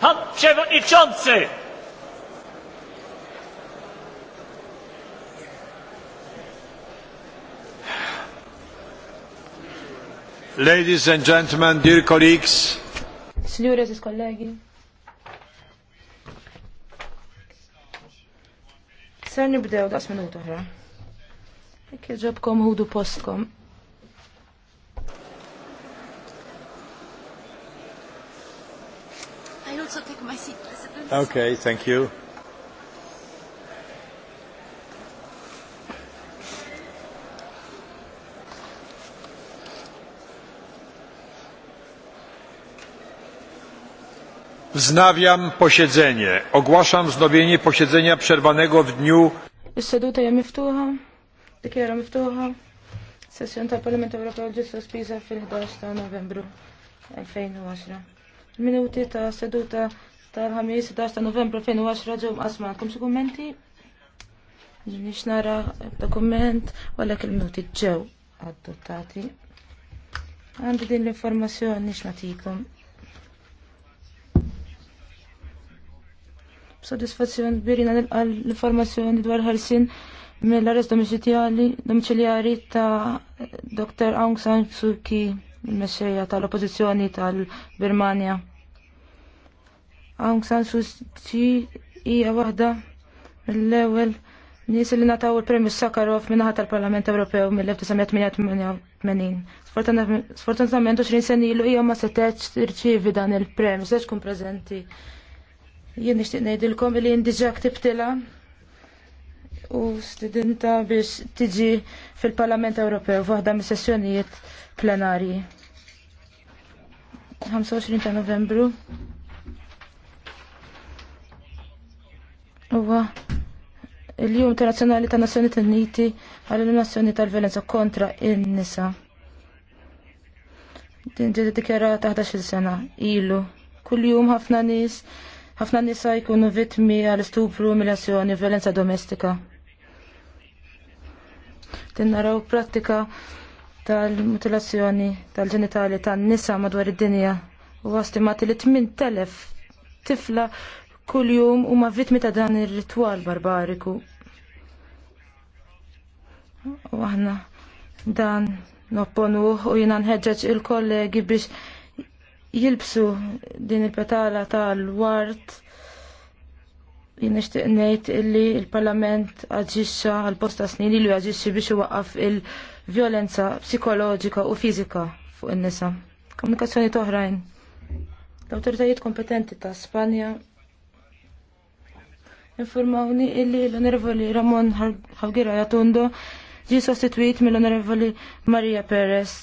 Pan Przewodniczący! Ladies and gentlemen, dear colleagues. Signores e colleghi. Ser nibdew daqs minuta che job ġobkom hudu postcom? also take my seat. Okay, thank you. Wznawiam posiedzenie. Ogłaszam wznowienie posiedzenia przerwanego w dniu. seduta fil Novembru minuti ta' seduta tal-ħamis 16 ta' novembru 2010 ġew asma għandkom xi kummenti? Nix nara dokument kumment għalhekk il-minuti ġew adottati. Għandi din l-informazzjoni nix natikom. B'sodisfazzjon birina nilqa l-informazzjoni dwar ħarsin mill-arrest domiciliari ta' Dr. Aung San Suu Kyi il-mexxejja tal-oppożizzjoni tal-Birmania. Aung San Suu Kyi hija waħda mill-ewwel nies li nataw il-Premju Sakharov minnaħa tal-Parlament Ewropew mill-1988. Sfortunatament 20 se ilu hija ma setgħetx tirċievi dan il-premju, se tkun preżenti. Jien nixtieq ngħidilkom li jien diġà ktibtilha u studenta biex tiġi fil-Parlament Ewropew waħda mis-sessjonijiet plenarji. 25 ta' Novembru huwa il-Jum Internazzjonali tan Nazzjonijiet Uniti għall Nazzjoni tal-violenza kontra in-nisa. Din ġedi dikjarata ta' 11-il sena ilu. Kull jum ħafna nies ħafna nisa jkunu vittmi għal stupru, umiljazzjoni, violenza domestika. Din naraw prattika tal-mutilazzjoni tal-ġenitali tan-nisa madwar id-dinja u għastimati li 8000 tifla Kull u huma vittmi ta' dan ir-ritwal barbariku. U aħna dan nopponuh u jiena nħeġġeġ il-kollegi biex jilbsu din il-petala tal-wart nixtieq ngħid illi il-Parlament aġixxa għal posta snin illi aġixxi biex iwaqqaf il-vjolenza psikoloġika u fizika fuq in-nisa. Komunikazzjoni toħrajn. L-awtoritajiet kompetenti ta' Spanja Informawni illi l-onorevoli Ramon Javgira Jatundo ġi sostituit mill-onorevoli Maria Perez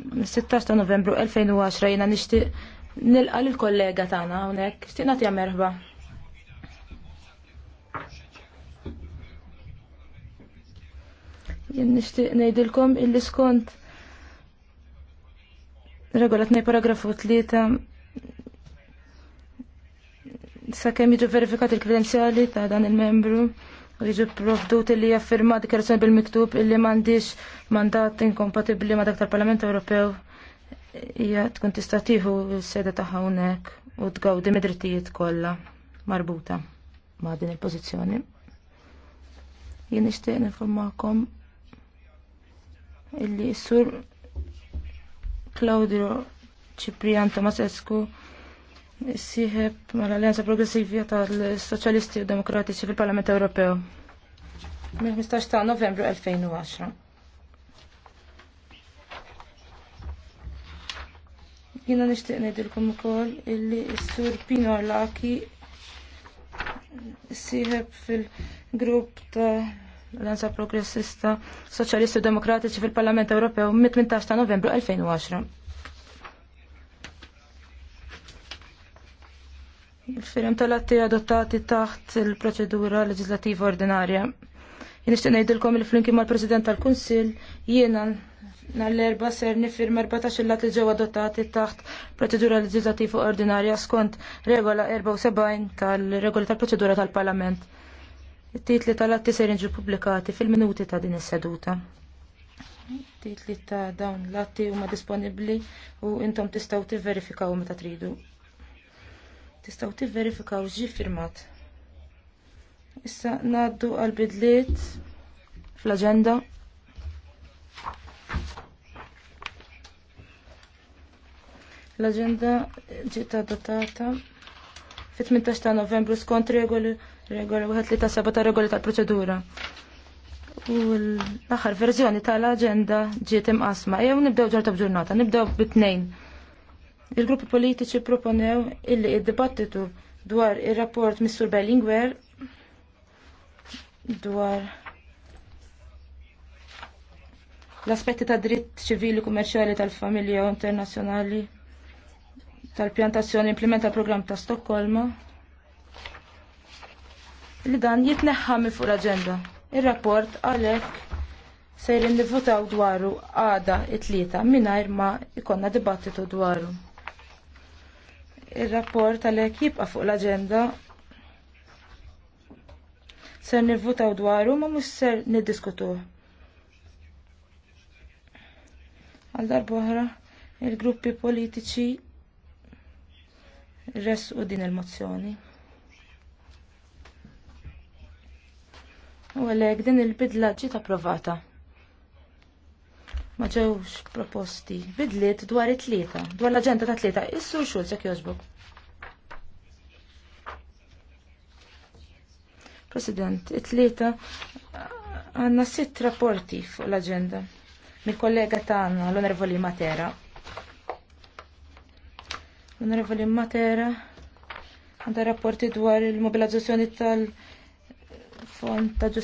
16 ta' novembru 2010 jina nishtiq nilqa l-kollega tagħna hawnhekk, xtieq nagħtiha merħba. Jien nixtieq ngħidilkom illi skont regolat nej paragrafu tlieta sakemm jiġu verifikat il-kredenzjali ta' dan il-membru u jiġu provdut li jaffirma dikjarazzjoni bil-miktub illi m'għandix mandat inkompatibbli ma' dak tal-Parlament Ewropew hija tkun tista' tieħu s-seda tagħha hawnhekk u tgawdi mid-drittijiet kollha marbuta ma' din il-pożizzjoni. Jien nixtieq ninformakom illi s-sur Claudio Ciprian Tomasescu Siħeb mal-Alleanza Progressivja tal-Soċjalisti u Demokratiċi fil-Parlament Ewropew mil 15 ta' Novembru 2010. Jina nishtiq ngħidilkom ukoll illi s-sur Pino Arlaki siħeb fil-grupp ta' l-Alleanza Progressista Soċjalisti u Demokratiċi fil-Parlament Ewropew mit-18 ta' Novembru 2010. Il-firm tal-atti adottati taħt il-proċedura leġislativa ordinarja. Nishtiq ngħidilkom il-flinki mal-President tal-Kunsill jiena nall-erba ser nifirm 14 il-lat li ġew adottati taħt proċedura leġislativa ordinarja skont regola 74 tal-regola tal-proċedura tal-Parlament. It-titli tal-atti ser jiġu publikati fil-minuti ta' din is-seduta. Titli ta' dawn l-atti huma disponibbli u intom tistgħu tivverifikaw meta tridu. Tistaw tivverifikaw ġi firmat. Issa naddu għal-bidliet fl-agenda. L-agenda ġiet adottata fit-18 ta' novembru skont regoli regoli wieħed li tasab ta' regoli tal-proċedura. U l-aħħar verżjoni tal-aġenda ġiet imqasma. Ew nibdew ġorta b'ġurnata, nibdew bit-tnejn. Il-gruppi politiċi proponew illi id-dibattitu dwar ir-rapport Mr. Bellingwer dwar l-aspetti ta' dritt ċivili kummerċjali tal-familja internazzjonali tal-pjantazzjoni implementa program ta' Stokkolma li dan jitneħħa fuq l-agenda. Ir-rapport għalhekk sejrin nivvotaw dwaru għada it-tlieta mingħajr ma ikonna dibattitu dwaru. Il-rapport għalhekk jibqa' fuq l-aġenda ser nivvutaw dwaru ma mhux ser niddiskutuh. Għal darbohra il-gruppi politiċi resqu din il-mozzjoni. U għalhekk din il-bidla ġiet approvata ma ġewx proposti bidliet dwar it-tlieta, dwar l-aġenda ta' tlieta, issu xulz jekk jogħġbok. President, it-tlieta għandna sitt rapporti fuq l-aġenda mill-kollega tagħna l-Onorevoli Matera. L-Onorevoli Matera għandha rapporti dwar il-mobilizzazzjoni tal- fond ta'